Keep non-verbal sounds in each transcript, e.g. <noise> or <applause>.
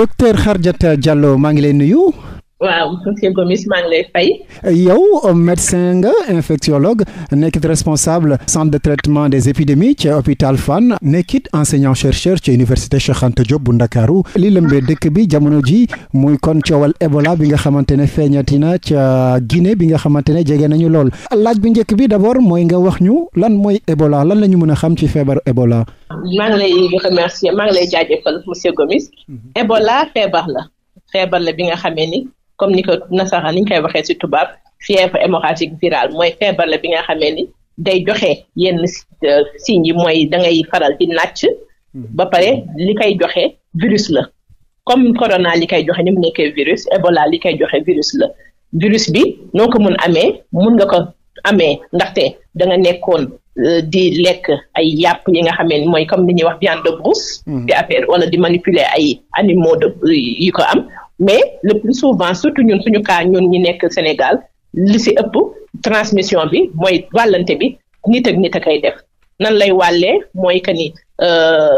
docteur Khardiata Diallo maa ngi lay nuyu. waaw monsieur Gomis maa yow médecin nga infectiologue nekkit responsable centre de traitement des épidémies ci hôpital Fann nekkit enseignant chercheur ci université Cheikh Anta Diop bu Ndakaaru li lëmbee dëkk bi jamono ji muy kon coowal ébola bi nga xamante ne feeñati na ca Guinée bi nga xamante ne jege nañu lool laaj bi njëkk bi d'abord mooy nga wax ñu lan mooy Ebola lan la ñu mën a xam ci feebar ébola maa ngi lay remercier maa ngi lay jaajëfal monsieur Gomis mhm. Ebola feebar la feebar la bi nga xamee ni comme ni ko nasaraan ni ñu koy waxee ci tubaab fièvre hémorragique virale mooy feebar la bi nga xamee ni day joxe yenn si euh, yi mooy da ngay faral di nàcc mhm. ba pare li koy joxe virus la comme corona li koy joxe ni mu nekkee virus Ebola li koy joxe virus la virus bi noo ko mun amee mun nga ko amee ndaxte da nga nekkoon euh, di lekk ay yàpp yi nga xamee ni mooy comme ni ñuy wax viande de brousse mm. di affaire wala di manipuler ay animaux de yu ko am mais le plus souvent surtout ñun suñu ka ñun ñi nekk Sénégal li si ëpp transmission bi mooy wàllante bi nit ak nit a koy def nan lay wàllee mooy que ni euh,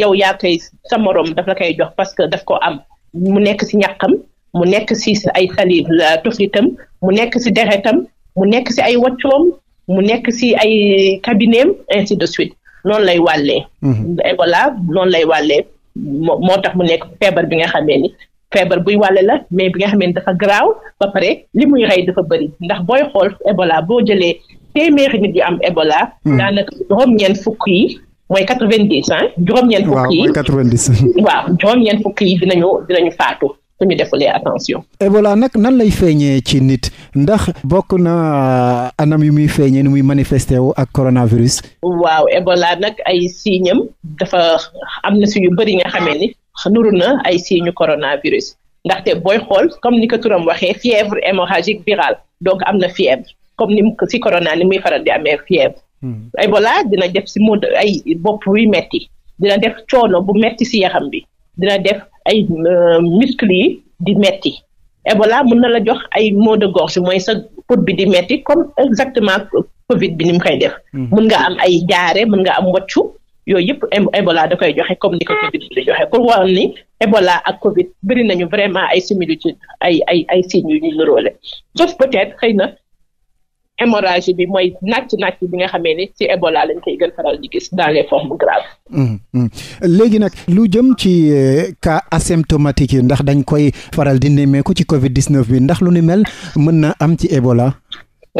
yow yaa koy sa morom daf la koy jox parce que daf ko am mu nekk si ñàqam mu nekk si ay salive tuflitam mu nekk si deretam mu nekk si ay wàccoom mu nekk si ay cabinetam ainsi de suite noonu lay wàllee. Mhm. voilà noonu lay wàllee moo moo tax mu nekk feebar bi nga xamee ni feebar buy wàlle la mais bi nga xamee ni dafa garaaw ba pare li muy rey dafa bëri ndax booy xool Ebola boo jëlee téeméeri nit yu am Ebola. Mhm. daanaka juróom-ñeent fukk yi mooy quatre-vingt-dix ah. juróom-ñeent fukk yi waaw mooy quatre-vingt-dix. <laughs> waaw juróom-ñeent fukk yi dinañu dinañu faatu. suñu defulee attention. Ebola nag nan lay feeñee ci nit ndax bokk na euh, anam yu muy feeñee ni muy manifesté wu ak coronavirus. waaw Ebola nag ay signam dafa am na si yu bëri nga xamee ni nuru na ay signu coronavirus ndaxte booy xool comme ni ko turam waxee fièvre hémorragique virale donc am na fièvre comme ni si corona ni muy faral di amee fièvre. Hmm. Ebola dina def si mu ay bopp yu metti dina def coono bu metti si yaxam bi dina def. ay euh, muscles yi di metti ébola mën na la jox ay maux de gorge mooy sa pot bi di metti comme exactement Covid bi ni mu koy def. Mm-hmm. mën nga am ay jaare mën nga am wàccu yooyu yëpp Ebola da koy joxe comme ni ko Covid di joxe pour waral ni Ebola ak Covid bëri nañu vraiment ay similitude ay ay ay signes yu ñu niroole sauf peut xëy na. hémorragie bi mooy nàcc nàcc bi nga xamee ni ci Ebola lañ koy gën faral di gis dans les formes graves. Mm, mm. léegi nag lu jëm ci eh, cas asymptomatique yi ndax dañ koy faral di nemmeeku ci Covid 19 bi ndax lu ni mel mën na am ci Ebola.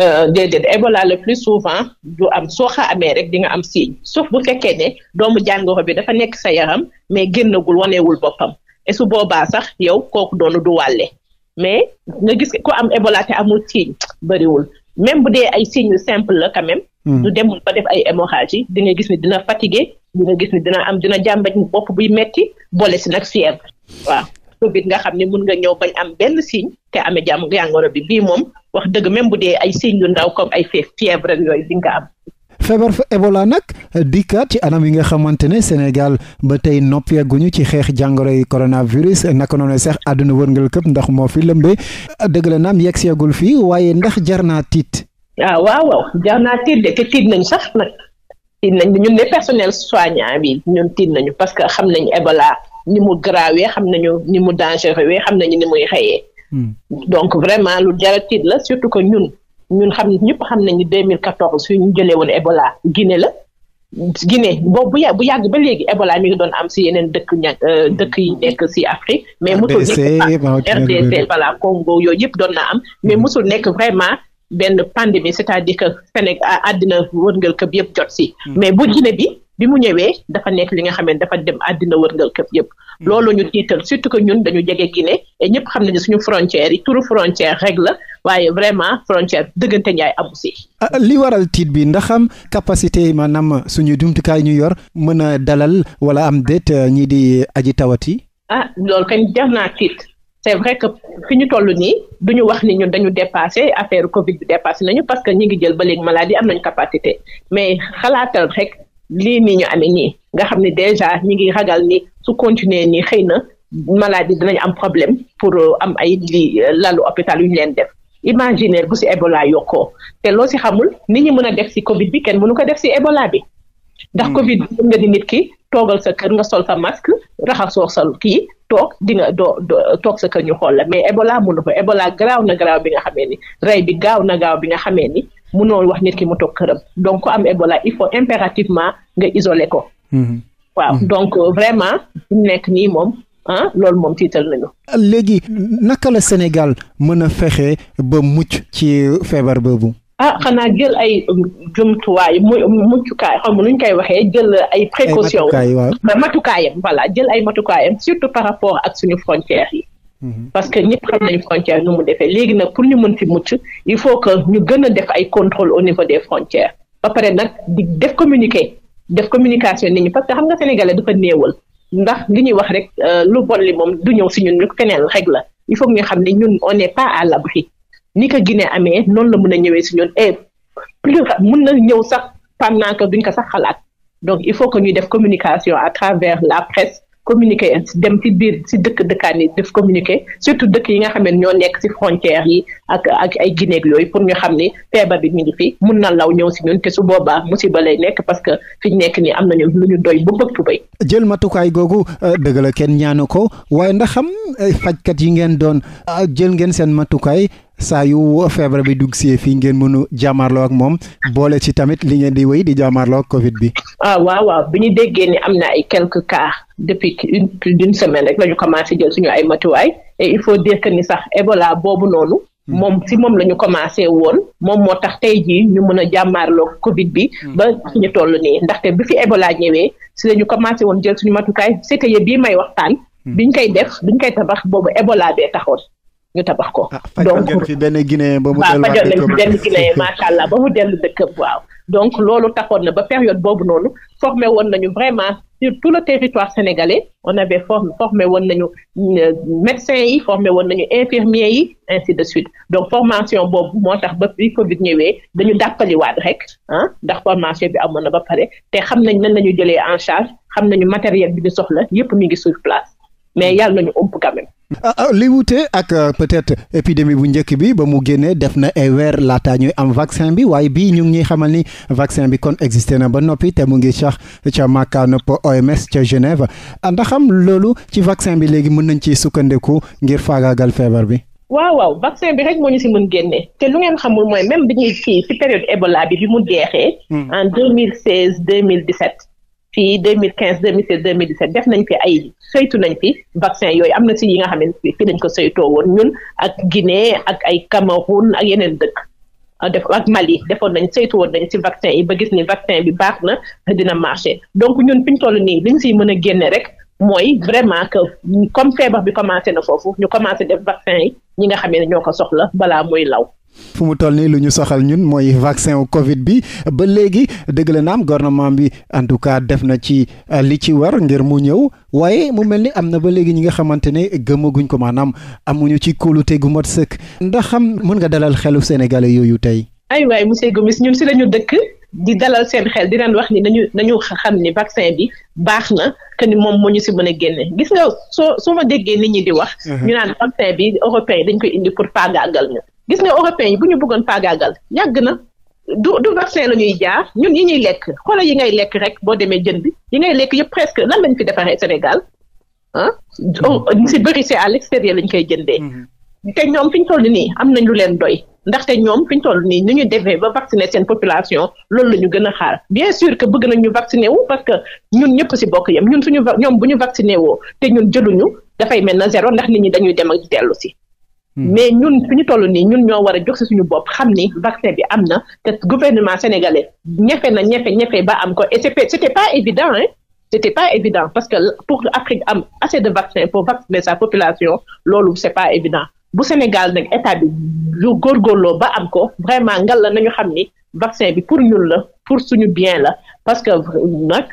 Euh, déedéet Ebola le plus souvent du am soo xa amee rek di nga am signe sauf bu fekkee ne doomu jàngoro bi dafa nekk sa yaram mais génnagul waneewul boppam et su boobaa sax yow kooku doonu du wàlle mais nga gis ko am Ebola te amul signe bëriwul. même bu dee ay signes simple la quand même. Hmm. du dem ba def ay hémorragie di nga gis ni dina fatigué di nga gis ni dina am dina jàmbat ni bopp buy metti boole si nag fièvre waaw. covid nga xam ne mun nga ñëw bañ am benn signe te amee jàmm jàngoro bi bii moom wax dëgg même bu dee ay signes yu ndaw comme ay fièvre ak yooyu di nga am feebar fa Ebola nag dikkaat ci anam yi nga xamante ne Sénégal ba tey noppeegu ñu ci xeex jàngoro yi coronavirus naka noonu sax àdduna wërngal këpp ndax moo fi lëmbee dëgg la naam yegg seegul fii waaye ndax jar naa tiit. Ah, waaw waaw jar naa tiit de te tiit nañ sax nag tiit nañ ñun ne personnel soignant bi ñun tiit nañu parce que xam nañu Ebola ni mu grawee xam nañu ni mu dangereux xam nañu ni muy xëyee. Hmm. donc vraiment lu jar tiit la surtout que ñun. ñun xam ñëpp xam nañu 2014 fi ñu jëlee woon Ebola Guinée la Guinée boobu bu yàgg ba léegi ébola mi ngi doon am si yeneen dëkk ña euh, dëkk yi nekk si Afrique. mais mosul nekk RDC voilà Congo yooyu yëpp doon na am mais mosul mm-hmm. nekk vraiment. benn pandémie c'est-à-dire que Sénégal àddina wërngal këpp yëpp jot si. Mm-hmm. mais bu Guinée bi bi mu ñëwee dafa nekk li nga xam ne dafa dem àddina wërngal këpp yëpp. Mm-hmm. loolu ñu tiital surtout que ñun dañu jege Guinée et ñëpp xam nañu suñu frontière yi turu frontière rek la waaye vraiment frontière dëggante njaay amu si. Ah, li waral tiit bi ndax am capacité maanaam suñu jumtukaay ñu yor mën a dalal wala am déet euh, ñii di aji tawati yi. ah loolu kañ def naa tiit. c'est vrai que fi ñu toll nii du ñu wax ni ñun dañu dépassé affaire Covid bi dépassé nañu parce que ñi ngi jël ba léegi maladie am nañu capacité mais xalaatal rek lii nii ñu amee nii nga xam ne déjà ñi ngi ragal ni su continuer nii xëy na maladie dinañ am problème pour euh, am ay euh, lalu hôpital yu ñu leen def imaginaire bu si Ebola yokkoo te loo si xamul nit ñi mën a def si Covid bi kenn mënu ko def si Ebola bi. ndax hmm. Covid bi mën nga di nit ki toogal sa kër nga sol sa masque raxasoo sa kii toog di nga doo toog sa kër ñu xool la mais Ebola mënu ko Ebola garaaw na garaaw bi nga xamee ni rey bi gaaw na gaaw bi nga xamee ni mu mënoo wax nit ki mu toog këram donc ku am Ebola il faut impérativement nga isoler ko. Hmm. waaw hmm. donc euh, vraiment nekk nii moom. ah loolu moom tiital nañu. léegi naka la Sénégal mën a fexe ba mucc ci feebar boobu. ah xanaa jël ay um, jumtuwaay mu um, muccukaay xam nga nu ñu koy waxee jël ay précaution matukaayam voilà jël ay matukaayam surtout par rapport ak suñu frontières yi mhm. parce que ñëpp xam nañu frontière nu mu defee léegi nag pour ñu mën fi mucc il faut que ñu gën a ay contrôle au niveau des frontières ba pare nag di def communiquer def communication nit ñi parce que xam nga sénégalais dafa néewal ndax li ñuy wax rek euh, lu bon li moom du ñëw si ñun ñu keneen rek la il faut ñu xam ne ñun on n'est pas à l'abri ni ko Guinée amee noonu la mën a ñëwee si ñun et plus mën na ñëw sax pendant que duñ ko sax xalaat donc il faut que ñuy def communication à travers la presse communiqué dem ci biir ci dëkk dëkkaan yi def communiqué surtout dëkk yi nga xam ne ñoo nekk ci frontières yi ak ak ay Guinée yooyu pour ñu xam ni feebar bi mi ngi fi mun na law ñëw si ñun te su boobaa musiba lay nekk parce que fi ñu nekk nii am nañu lu ñu doy bu bëgg tubay jël matukaay googu euh, dëgg la kenn ñaanu ko waaye ndax xam euh, fajkat yi ngeen doon euh, jël ngeen seen matukaay saa yu feebar bi dugg see fii ngeen mënu jàmmarloo ak moom boole ci tamit li ngeen di wéy di jàmmarloo ak Covid bi. ah waaw waaw bi ñu déggee ni am na ay quelques cas depuis une plus d'une semaine rek la ñu commencé jël suñu ay matuwaay et il faut dire que ni sax Ebola boobu noonu. Hmm. moom si moom la ñu commencé woon moom moo tax tey jii ñu mën a jàmmaarloo Covid bi. Hmm. ba ñu toll nii ndaxte bi fi Ebola ñëwee si la ñu commencé woon jël suñu matukaay c'est que bii may waxtaan. Hmm. biñ koy def biñ koy tabax boobu Ebola bee taxoon. ñu tabax ko. Ah, donc fajal fi benn Guinéen <laughs> ba mu dellu waaw fajal nañ fi ba mu dellu dëkkam waaw. donc loolu taxoon na ba période boobu noonu formé woon nañu vraiment sur tout le territoire sénégalais on avait formé formé woon nañu euh, médecins yi formé woon nañu infirmiers yi ainsi de suite donc formation boobu moo tax ba bi Covid ñëwee dañu dàppaliwaat rek ah ndax formation bi amoon na ba pare te xam nañ nan la ñu jëlee en charge xam nañu matériel bi ñu soxla yépp mi ngi sur place Ah, ah, li wute ak euh, peut-être épidémie bu njëkk bi ba mu génnee def na ay weer laataa ñuy am vaccin bi waaye bii ñu ngi ñuy xamal ni vaccin bi kon existé na ba noppi te mu ngi sax ca makkaanub OMS ca Genève ah, ndax am loolu ci vaccin bi léegi mën nañ ci sukkandiku ngir faagaagal feebar bi. waaw waaw vaccin bi rek moo ñu si mën génne te lu ngeen xamul mooy même bi ñuy kii si période Ebola bi bi mu jeexee. Hmm. en deux mille seize deux mille dix sept fii 2015 2016 2017 def nañ fi ay saytu nañ fi vaccin yooyu am na ci yi nga xam ne fii dañ ko saytoo woon ñun ak Guinée ak ay Cameroun ak yeneen dëkk ah, def ak yi defoon nañ saytu woon nañ si vaccin yi ba gis ni vaccin bi baax na dina marché donc ñun fi ñu toll nii liñ siy mën a génne rek mooy vraiment que comme feebar bi commencé na foofu ñu commencé def vaccin yi ñi nga xam ne ñoo ko soxla balaa muy law. fu mu toll nii lu ñu soxal ñun mooy vaccin wu Covid bi ba léegi dëgg la naam gouvernement bi en tout cas def na ci euh, li ci war ngir mu ñëw waaye mu mel ni am na ba léegi ñi nga xamante ne gëmaguñ ko maanaam amuñu ci kóolute gu mat sëkk ndax xam mën nga dalal xelu sénégalais yooyu tey. ay waay monsieur Gomis ñun si lañu dëkk. di dalal seen xel di leen wax ni nañu nañu xam ni vaccin bi baax na que ni moom moo ñu si mën a génne gis nga soo soo ma déggee ni ñi di wax. Uh-huh. ñu naan vaccin bi européen dañ koy indi pour faagaagal ñu. gis nga européens yi bu ñu bëggoon faagaagal yàgg na du du vaccin la ñuy jaar ñun yi ñuy lekk xoola yi ngay lekk rek boo demee jën bi yi ngay lekk yëpp presque lan lañ fi defaree Sénégal ah mm-hmm. oh, euh, si bëri c'est à l'extérieur lañ koy jëndee mm-hmm. te ñoom fi ñu toll nii am nañ lu leen doy ndaxte ñoom fi ñu toll nii ni ñu defee ba vacciner seen population loolu la ñu gën a xaar bien sûr que bëgg nañu ñu vacciner wu parce que ñun ñëpp si bokk yam ñun suñu ñoom bu ñu vacciner woo te ñun jëluñu dafay mel na zéro ndax nit ñi dañuy dem ak dellu si Hmm. mais ñun fi ñu toll nii ñun ñoo war a jox si suñu bopp xam ni vaccin bi am na te gouvernement sénégalais ñefe na ñefe ñefe ba am ko et c'était c'était pas évident hein pas évident parce que pour Afrique am assez de vaccin pour vacciner sa population loolu c'est pas évident bu Sénégal nag état bi lu góorgóorloo ba am ko vraiment ngal la nañu xam ni vaccin bi pour ñuul la pour suñu bien la parce que nag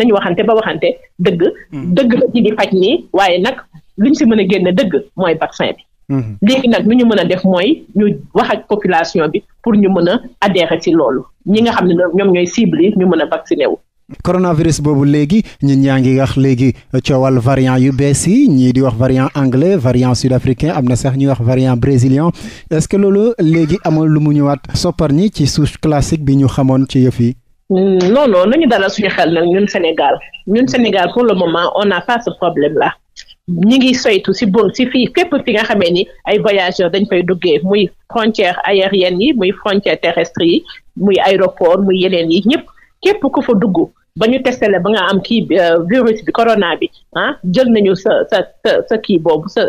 nañu waxante ba waxante dëgg hmm. dëgg la ci di faj nii waaye nag luñ si mën a génne dëgg mooy vaccin Mhm. léegi nag lu ñu mën a def mooy ñu wax ak population bi pour ñu mën a adhérer ci loolu ñi nga xam ne ñoom ñooy cible yi ñu mën a vacciné wu. coronavirus boobu léegi ñun ñaa ngi wax léegi coowal variant yu bees yi ñii di wax variant anglais variant sud africain am na sax ñuy wax variant brésilien est-ce que loolu léegi amul lu mu ñëwaat soppar ñi ci souche classique bi ñu xamoon ci yëf yi. Mm, non non nañu dalal suñu xel nag ñun Sénégal ñun Sénégal pour le moment on n'a ñi ngi soytu si bon si fii képp fi nga xamee ni ay voyageurs dañ koy duggee muy frontière aérienne yi muy frontière terrestre yi muy aéroport muy yeneen yi ñëpp képp ku fa dugg ba ñu testé la ba nga am kii euh, virus bi corona bi ah jël nañu sa sa sa kii boobu sa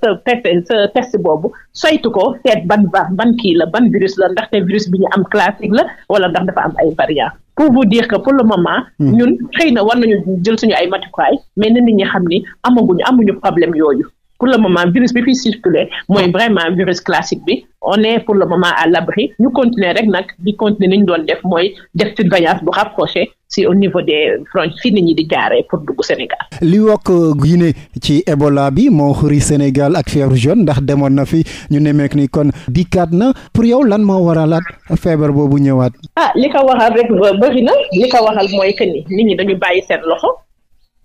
sa test test boobu soytu ko seet ban ban kii la ban virus la ndaxte virus bi ñu am classique la wala ndax dafa am ay variant pour vous dire que pour le moment. Hmm. ñun xëy na war nañu jël suñu ay matukaay mais na nit ñi xam ni amaguñu amuñu problème yooyu. pour le moment virus bi fi circuler mooy vraiment virus classique bi on est pour le moment à l'abri ñu continuer rek nag di continuer ni ñu doon def mooy def surveillance bu rapproché si au niveau des frontières fii nit ñi di jaaree pour dugg Sénégal. li wokk Guinée ci Ebola bi moo xuri Sénégal ak fièvre jaune ndax demoon na fi ñu nemmeek ni kon dikkaat na pour yow lan moo waralaat feebar boobu ñëwaat. ah li ko waxal rek bëri na ko waxal mooy que ni nit ñi dañu bàyyi seen loxo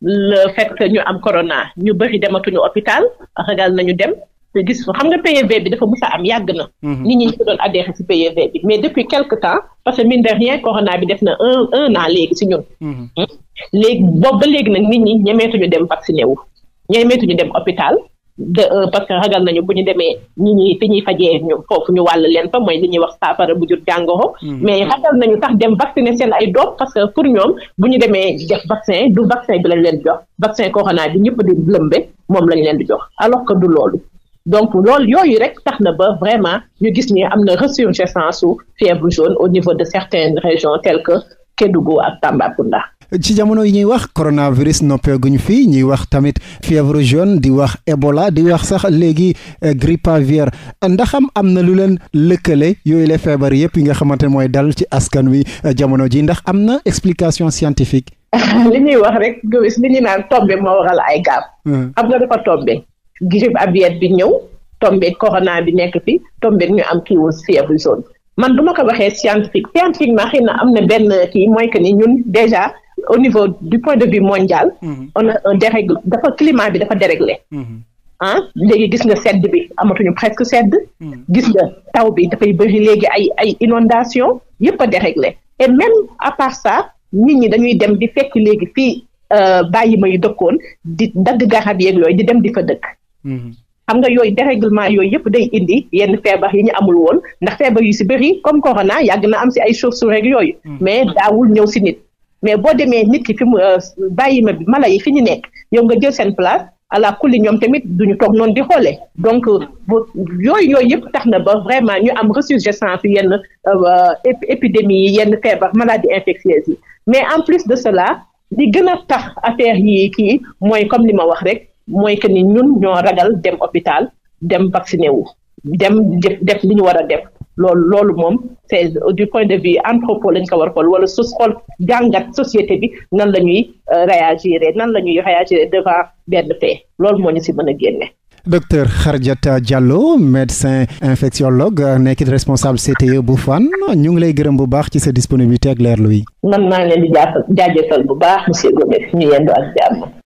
le fait ñu am corona ñu bëri dematuñu hôpital ragal nañu dem. gis xam nga PEV bi dafa mus a am yàgg na. Mhm. nit ñi ñu ko doon adhéré ci PEV bi mais depuis quelque temps parce que mine de rien corona bi def na un un an léegi ci ñun. Mhm. Hmm? léegi boobu ba léegi nag nit ñi ñemeetu ñemeetuñu dem vacciné wu ñu dem hôpital. de euh, parce que ragal nañu bu ñu demee ñi ñuy fi ñuy fajee ñu foofu ñu wàll leen fa mooy li ñuy wax saafara bu jur jàngoro. Mhm. mais ragal nañu tax dem vacciner seen ay doom parce que pour ñoom bu ñu demee def vaccin du vaccin bi lañ leen jox vaccin corona bi ñëpp di lëmbe moom leen di jox alors que loolu. donc lool yooyu rek tax na ba vraiment ñu gis ni am na resurgence su fièvre jaune au niveau de certaines régions telles que Kédougou ak Tambacounda. ci jamono yi ñuy wax coronavirus noppeeguñu fii ñuy wax tamit fièvre jaune di wax Ebola di wax sax léegi eh, grippe aviaire ndax am am na lu leen lëkkale yooyu la feebar yëpp yi nga xamante ne mooy dal ci askan wi eh, jamono ji ndax am na explication scientifique. <laughs> li ñuy wax rek li ñuy naan tombé moo waral ay hmm. am nga dafa grippe aviaire bi ñëw tombeeg corona bi nekk fi tombeeg ñu am kii wu fièvre man du ma ko waxee scientifique scientifiquement xëy na am na benn kii mooy que ni ñun déjà au niveau du point de vue mondial. Mhm. on a dafa climat bi dafa déréglé. ah mhm. léegi gis nga sedd bi amatuñu presque sedd. Mhm. gis nga taw bi dafay bëri léegi ay ay inondation yëpp a déréglé et même à part ça nit ñi dañuy dem di fekk léegi fii euh, bàyyi ma yu dëkkoon di dagg garab yeeg yooyu di dem di fa dëkk. xam nga yooyu dérèglement yooyu yëpp day indi yenn feebar yi ñu amul woon ndax feebar yu si bëri comme corona yàgg na am si ay sources rek yooyu. Mm. mais daawul ñëw si nit. mais boo demee nit ki fi mu euh, bàyyi ma bi mala yi fi ñu nekk yow nga jël seen place ala kulli ñoom tamit toog noonu di xoolee donc euh, yooyu yooyu yëpp tax na ba vraiment ñu am ressurgence yenn euh, épidémie yi yenn feebar maladie infectieuse yi mais en plus de cela li gën a tax affaire yi kii mooy comme li ma wax rek. mooy que ni ñun ñoo ragal dem hôpital dem vacciné wu dem def li ñu war a def loolu loolu moom c'est du point de vue anthropo lañ ko war a xool wala su xool jàngat société bi nan la ñuy euh, réagir nan la ñuy réagir devant benn fait loolu moo ñu si mën a génne. docteur Khardiata Diallo médecin infectiologue nekkit responsable CTE bu Fann ñu ngi lay gërëm bu baax ci sa disponibilité ak leerlu yi. man maa ngi leen di jaajëfal bu baax monsieur Gomes ñu yendu ak jàmm.